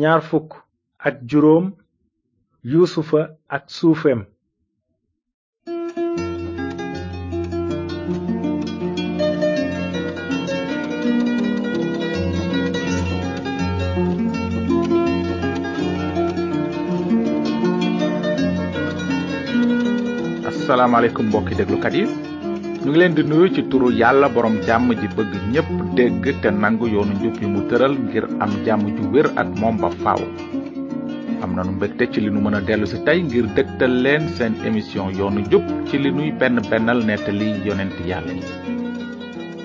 ñaar fukk ak juróom yuusufa ak suufem asalaamaaleykum mbokki déglukat yi ñu ngi leen di nuyu ci turu yàlla borom jàmm ji bëgg ñépp dégg te nangu yoonu njub yi mu tëral ngir am jàmm ju wér ak moom ba faaw am nanu mbégte ci li nu mën a dellu si tey ngir dëgtal leen seen émission yoonu njub ci li nuy benn bennal nettali yonent yàlla yi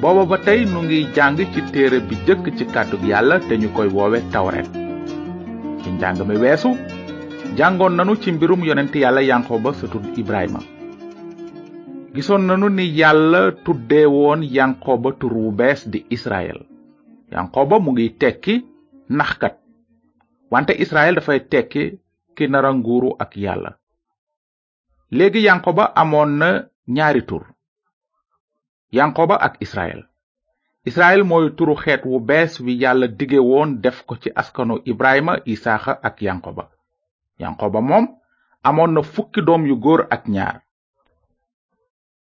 booba ba tey nu ngi jàng ci téere bi jëkk ci kàddug yàlla te ñu koy woowe tawret ci njàng mi weesu jàngoon nanu ci mbirum yonent yàlla ba yanqooba sëtu ibrahima gisoon nanu ni yàlla tudde woon yankoba tur wu bees di israel yankoba mu ngi tekki naxkat wante israel dafay tekki ki nara nguuru ak yàlla léegi yankoba amoon na ñaari tur yankoba ak israel israel mooy turu xeet wu bees wi yàlla dige woon def ko ci askanu ibrahima isaaxa ak yankoba yankoba moom amoon na fukki doom yu góor ak ñaar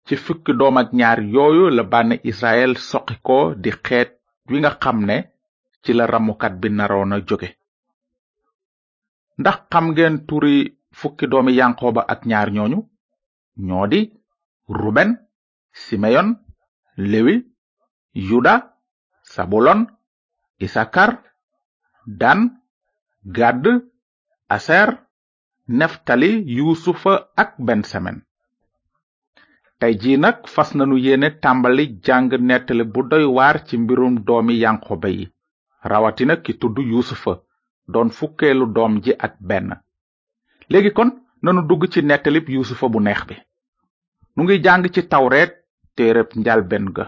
ci fukki doom ak ñaar yooyu la bànn israel soqi di xeet wi nga xam ne ci la ramukat bi naroon a jóge ndax xam ngeen turi fukki doomi yanqooba ak ñaar ñooñu ñoo di ruben simeyon lewi yuda sabulon isakar dan gad aser neftali yuusufa ak bensamen tey jii nag fas nanu yéene tàmbali jàng nettali bu doy waar ci mbirum doomi yanqoba yi rawatina ki tudd yuusufa doon fukkeelu doom ji ak benn léegi kon nanu dugg ci nettalib yuusufa bu neex bi nu ngi jàng ci tawreet téereb njalben ga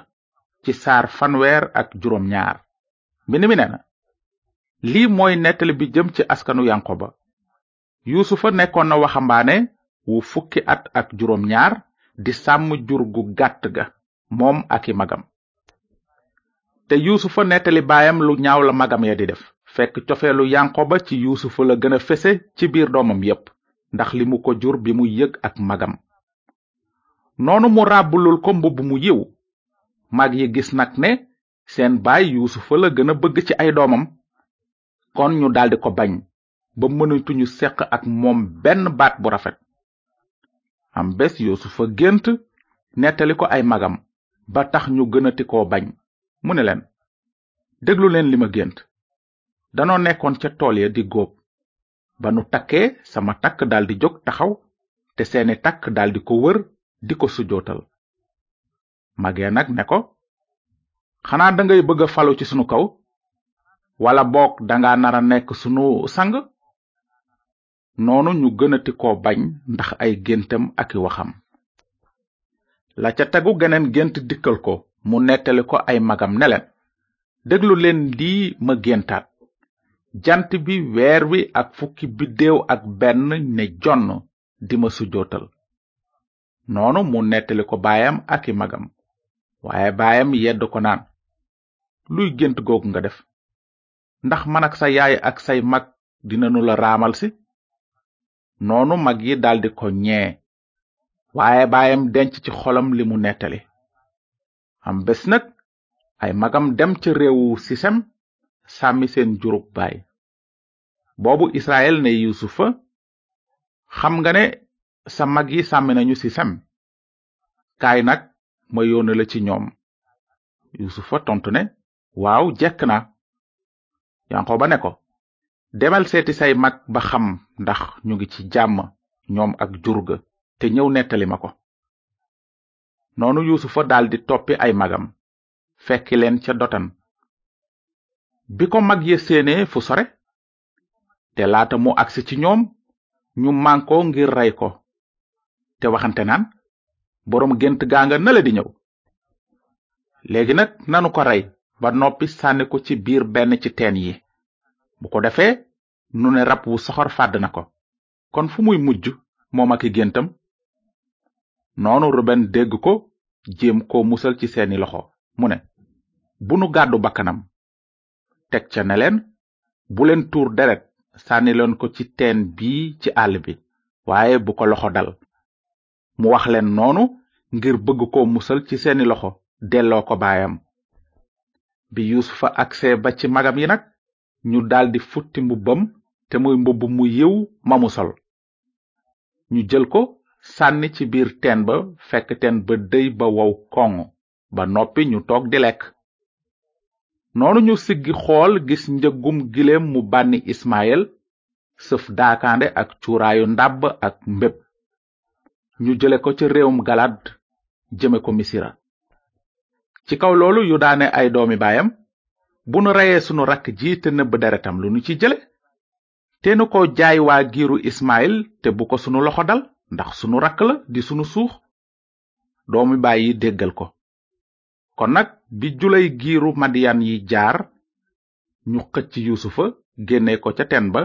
ci saar fanweer ak juróom ñaar mbind lii mooy nettali bi jëm ci askanu yanqoba yuusufa nekkoon na waxambaane wu fukki at ak juróom ñaar di sàmm jur gu gàtt ga moom ak i magam te yuusufa nettali baayam lu ñaaw la magam ya di def fekk cofeelu yanqoba ci yuusufa la gën a fese ci biir doomam yépp ndax limu ko jur bi mu yëg ak magam noonu mu ràbbulul ko mbubb mu yiw mag yi gis nag ne seen baay yuusufa la gën a bëgg ci ay doomam kon ñu daldi ko bañ ba mënatuñu seq ak moom benn baat bu rafet am bés yuusufa gént nettali ko ay magam ba tax ñu gënati koo bañ mu ne leen déglu leen li ma gént danoo nekkoon ca tool ya di góob ba nu takkee sama takk daldi jóg taxaw te seeni takk daldi ko wër di ko sujootal magee nag ne ko xanaa dangay bëgg falu ci sunu kaw wala boog danga nara nekk sunu sang noonu ñu gënati ko bañ ndax ay géntam ak waxam la ca tegu geneen gént dikkal ko mu nettali ko ay magam ne leen déglu leen lii ma géntaat jant bi weer wi ak fukki biddéew ak benn ne jonn di ma sujootal noonu mu nettali ko baayam ak magam waaye baayam yedd ko naan luy gént googu nga def ndax man ak sa yaay ak say mag dina nu la raamal si noonu mag yi daldi ko ñee waaye baayam denc ci xolam li mu nettali am bés nag ay magam dem ca réewu sisem sàmmi seen jurub baay boobu israel ne yusufa xam nga ne sa mag yi sàmmi nañu sisem kaay nag ma yónne la ci ñoom yusufa tontu ne waaw jekk na yankoba ne ko demal seeti say mag ba xam ndax ñu ngi ci jàmm ñoom ak jur te ñëw nettalima ko noonu yuusufa daldi toppi ay magam fekki leen ca dotan bi ko mag ya séenee fu sore te laata mu agsi ci ñoom ñu mànkoo ngir rey ko te waxante naan boroom gént gaa nga nala di ñëw léegi nag nanu ko rey ba noppi sànni ko ci biir benn ci teen yi bu ko defee nu ne rab wu soxor fàdd na ko kon fu muy mujj moom ak i géntam noonu ruben dégg ko jéem ko musal ci seeni loxo mu ne bu nu gàddu bakkanam teg ca ne leen bu leen tuur deret sànni leen ko ci teen bii ci àll bi waaye bu ko loxo dal mu wax leen noonu ngir bëgg ko musal ci seeni loxo delloo ko baayam bi yusufa agsee ba ci magam yi nag ñu daldi futti mbubbam te muy mbubb mu yiw mamu sol ñu jël ko sànni ci biir teen ba fekk teen ba dey ba wow koŋ ba noppi ñu toog di lekk noonu ñu siggi xool gis njëggum giléem mu bànni ismael sëf daakande ak cuuraayu ndàbb ak mbéb ñu jële ko ca réewum galaat jëme ko misira ci kaw loolu yu daane ay doomi baayam bu nu reyee sunu rakk ji te nëbb deretam lu nu ci jële te ko jaay waa giiru ismael te bu ko sunu loxo dal ndax sunu rakk la di sunu suux doomi bàyyi déggal ko kon nag bi julay giiru madiyaan yi jaar ñu xëcc yuusufa génne ko ca teen ba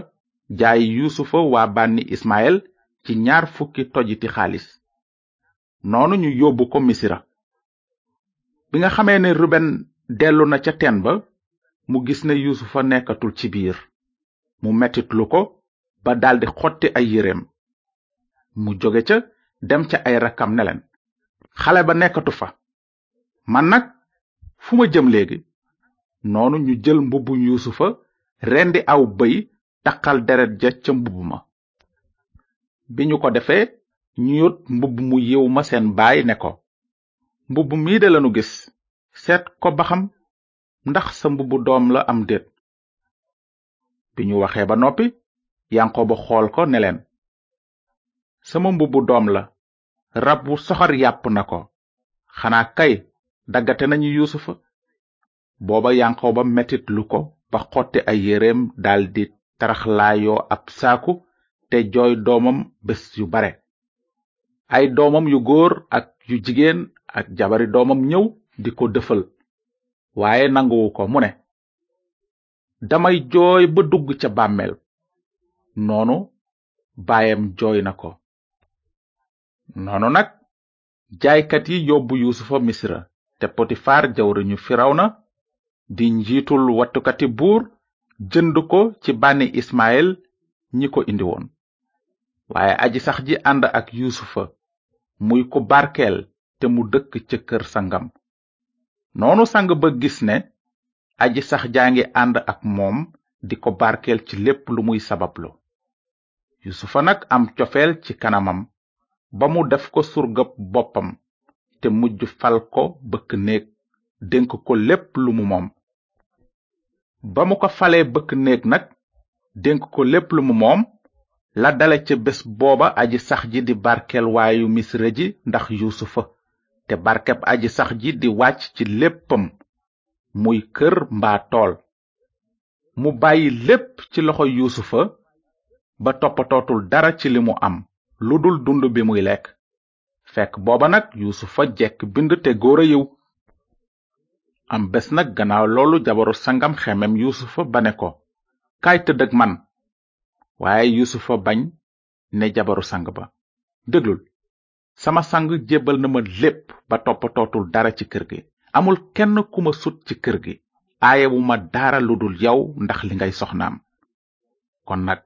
jaay yuusufa waa bànni ismael ci ñaar fukki tojiti xaalis noonu ñu yóbbu ko misira bi nga xamee ne ruben dellu na ca teen ba mu gis ne yuusufa nekkatul ci biir mu metitlu ko ba daldi xotti ay yéreem mu jóge ca dem ca ay rakkam ne xale ba nekkatu fa man nag fu ma jëm léegi noonu ñu jël mbubbu yuusufa rendi aw bay taqal deret ja ca mbubb ma bi ñu ko defee ñu yot mbubb mu yiw ma seen baay ne ko mbubb mii de lanu gis seet ko ba xam ndax sa mbubbu doom la am déet bi ñu waxee ba noppi yanqooba xool ko ne leen sama mbubu doom la rab wu soxor yàpp na ko xanaa kay daggate nañu yuusufa booba yanqooba metit lu ko ba xotti ay yéreem daldi taraxlaayoo ab saaku te jooy doomam bés yu bare ay doomam yu góor ak yu jigéen ak jabari doomam ñëw di ko dëfal waaye nanguwu ko mu ne damay jooy ba dugg ca bàmmeel noonu baayam jooy na ko noonu nag jaaykat yi yóbbu yuusufa misra te potifaar jawriñu firawna di njiitul wattukati buur jënd ko ci bànni ismael ñi ko indi woon waaye aji sax ji ànd ak yuusufa muy ku barkeel te mu dëkk ca kër sangam noonu sang ba gis ne aji sax jaa ngi ànd ak moom di ko barkeel ci lépp lu muy sabablo yusufa nag am cofeel ci kanamam ba mu def ko surgab boppam te mujj fal ko bëkk néeg dénk ko lépp lu mu moom ba mu ko falee bëkk néeg nag dénk ko lépp lu mu moom la dale ca bés booba aji sax ji di barkeel waayu misra ji ndax yusufa te barkeb aji sax ji di wàcc ci léppam muy kër mbaa tool mu bàyyi lépp ci loxo yuusufa ba toppatootul dara ci li mu am lu dul dund bi muy lekk fekk booba nag yuusufa jekk bind te góor a yiw am bés nag gannaaw loolu jabaru sangam xemem yuusufa ba ne ko kaay tëdd man waaye yuusufa bañ ne jabaru sang ba déglul sama sang jébbal na ma lépp ba toppatootul dara ci kër gi amul kenn ku ma sut ci kër gi aayewuma dara lu dul yow ndax li ngay soxnaam kon nag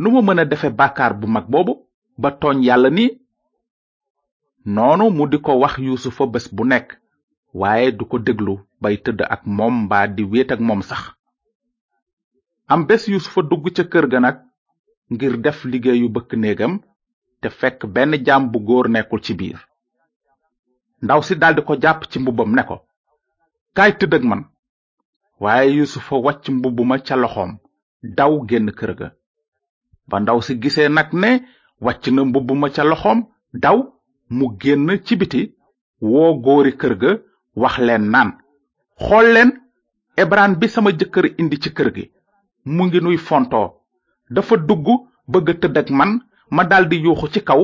nu ma mën a defe bàkkaar bu mag boobu ba tooñ yàlla ni noonu mu di ko wax yuusufa bés bu nekk waaye du ko déglu bay tëdd ak moom mbaa di wéet ak moom sax am bés yuusufa dugg ca kër ga nag ngir def liggéeyu bëkk néegam te fekk benn jaam bu góor nekkul ci biir ndaw si daldi ko jàpp ci mbubbam ne ko kaay tëdd man waaye yusufa wàcc mbubb ma ca loxoom daw génn kër ga ba ndaw si gisee nag ne wàcc na mbubb ca loxoom daw mu génn ci biti woo góori kër ga wax leen naan xool leen ebraan bi sama jëkkër indi ci kër gi mu ngi nuy fontoo dafa dugg bëgg tëdd man ma daldi yuuxu ci kaw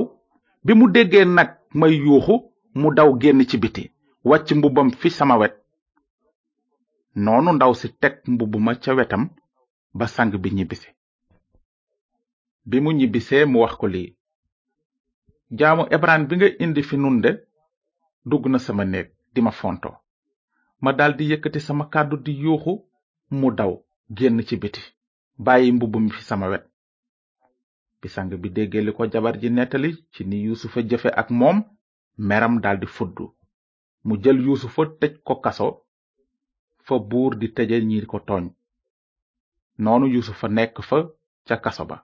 bi mu déggee nag may yuuxu mu daw génn ci biti wàcc mbubbam fi sama wet noonu ndaw si teg mbubb ma ca wetam ba sang bi ñibbisi bi mu ñibbisee mu wax ko lii jaamu ebraan bi nga indi fi nun dugg na sama néeg di ma fonto ma daldi yëkkati sama kàddu di yuuxu mu daw génn ci biti bàyyi mbubb mi fi sama wet bi sang bi déggee ko jabar ji nettali ci ni yuusufa jëfe ak moom meram daldi fudd mu jël yuusufa tëj ko kaso fa buur di tëje ñi ko tooñ noonu yuusufa nekk fa ca kaso ba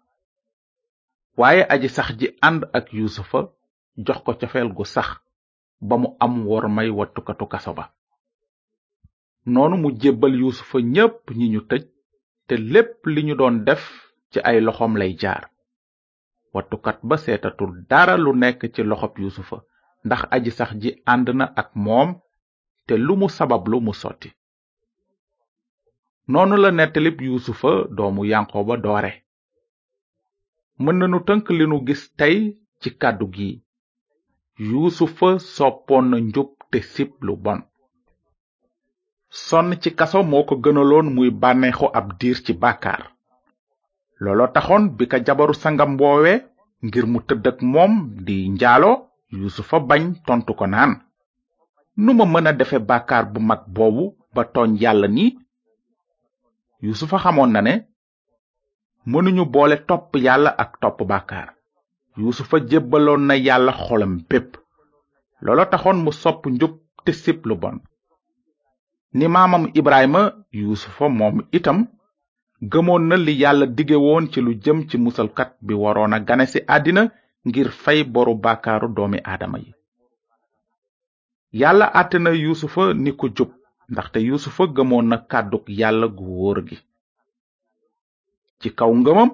waaye aji sax ji ànd ak yuusufa jox ko cofeel gu sax ba mu am wor may wattukatu kaso ba noonu mu jébbal yuusufa ñépp ñi ñu tëj te lépp li ñu doon def ci ay loxoom lay jaar wattukat ba seetatul dara lu nekk ci loxob yuusufa ndax aji sax ji ànd na ak moom te lu mu sabablu mu sotti noonu la nettalib yuusufa doomu yanqooba doore mën nanu tënk li nu gis tey ci kàddu gi yuusufa soppoon na njub te sib lu bon sonn ci kaso moo ko gënaloon muy bànneexu ab diir ci bàkkaar looloo taxoon bi ka jabaru sangam ngir mu tëdd ak moom di njaalo yuusufa bañ tontu ko naan nu ma mën a defe bàkkaar bu mag boobu ba tooñ yàlla ni yuusufa xamoon na ne mënuñu boole topp yàlla ak topp bàkkaar yuusufa jébbaloon na yàlla xolam bépp loola taxoon mu sopp njub te sib lu bon ni maamam ibrahima yuusufa moom itam gëmoon na li yàlla diggewoon ci lu jëm ci musalkat bi waroon a gane ci àddina ngir fay boru bàkkaaru doomi aadama yi yàlla àtte na yuusufa ni jub ndaxte yuusufa gëmoon na kàddug yàlla gu wóor gi ci kaw ngëmam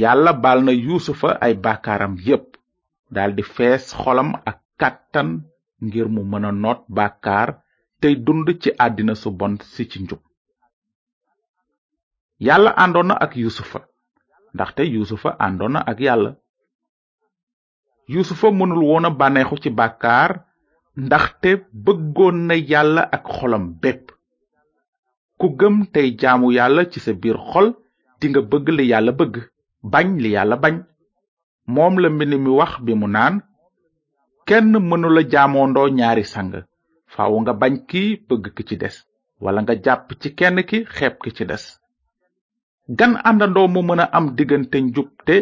yàlla baal na yusufa ay bàkkaaram yépp daldi fees xolam ak kàttan ngir mu mëna a noot bàkkaar tey dund ci àddina su bon si ci njub yàlla àndoon ak yuusufa ndaxte yuusufa àndoon na ak yàlla yusufa mënul woon bànneexu ci bàkkaar te bëggoon na yàlla ak xolam bépp ku gëm tey jaamu yàlla ci sa biir xol dinga bëgg li yàlla bëgg bañ li yàlla bañ moom la mbind mi wax bi mu naan kenn mënula jaamoondoo ñaari sang faaw nga bañ ki bëgg ki ci des wala nga jàpp ci kenn ki xeeb ki ci des gan àndandoo mu mën a am diggante njubte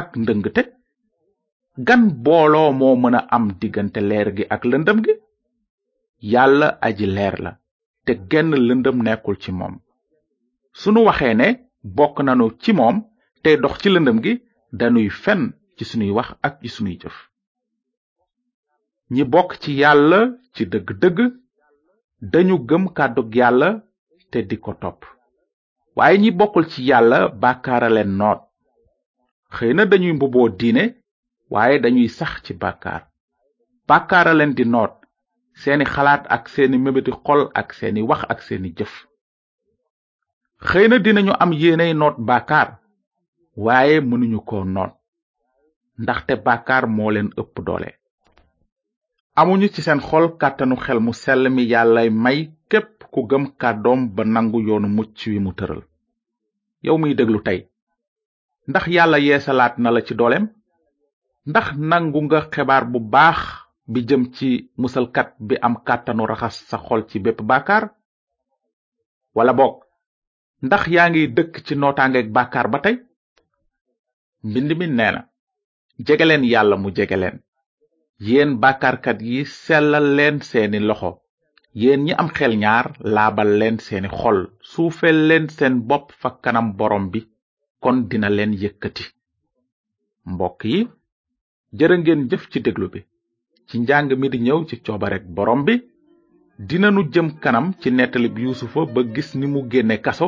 ak ndëngte gan booloo moo mën a am diggante leer gi ak lëndëm gi yàlla aji leer la te genn lëndëm nekkul ci moom sunu waxee ne bokk nanu ci moom tey dox ci lëndëm gi danuy fen ci sunuy wax ak ci sunuy jëf ñi bokk ci yàlla ci dëgg-dëgg dañu gëm kàddug yàlla te di ko topp waaye ñi bokkul ci yàlla bàkkaaraleen noot xëy na dañuy mbuboo diine waaye dañuy sax ci bàkkaar bàkkaara leen di noot seeni xalaat ak seeni mébéti xol ak seeni wax ak seeni jëf xëy na dinañu am yéeney noot bàkkaar waaye mënuñu ko noot ndaxte bàkkaar moo leen ëpp doole amuñu ci seen xol kàttanu xel mu sell mi yàllay may képp ku gëm kàddoom ba nangu yoonu mucc wi mu tëral yow miy déglu tey ndax yàlla yeesalaat na la ci dooleem ndax nangu nga xibaar bu baax bi jëm ci musalkat bi am kàttanu raxas sa xol ci bépp bàkkaar wala boog ndax yaa ngi dëkk ci nootaangeeg bàkkaar ba tey mbind mi nee na yàlla mu jegeleen yéen bàkkaarkat yi sellal leen seeni loxo yéen ñi am xel ñaar laabal leen seeni xol suufeel leen seen bopp fa kanam borom bi kon dina leen yëkkati mbokk yi jërë ngeen jëf ci déglu bi ci njàng mi di ñëw ci coobarek borom bi dinanu jëm kanam ci nettalib yuusufa ba gis ni mu génne kaso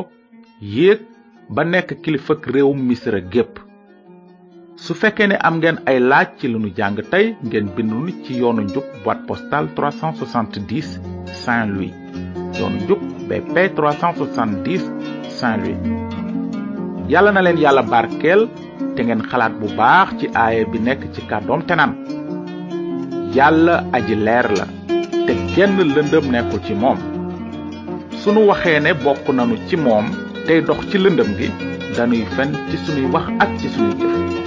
yéeg ba nekk kilifak réewum misira gépp su fekkee ne am ngeen ay laaj ci li nu jàng tey ngeen bindu ni ci yoonu njub boîte postale 370 Saint-Louis yoonu njub BP 370 Saint-Louis yàlla na leen yàlla barkeel te ngeen xalaat bu baax ci aaye bi nekk ci kàddoom te naan yàlla aji leer la te kenn lëndëm nekkul ci moom sunu waxee ne bokk nanu ci moom tey dox ci lëndëm gi dañuy fen ci sunuy wax ak ci sunuy jëf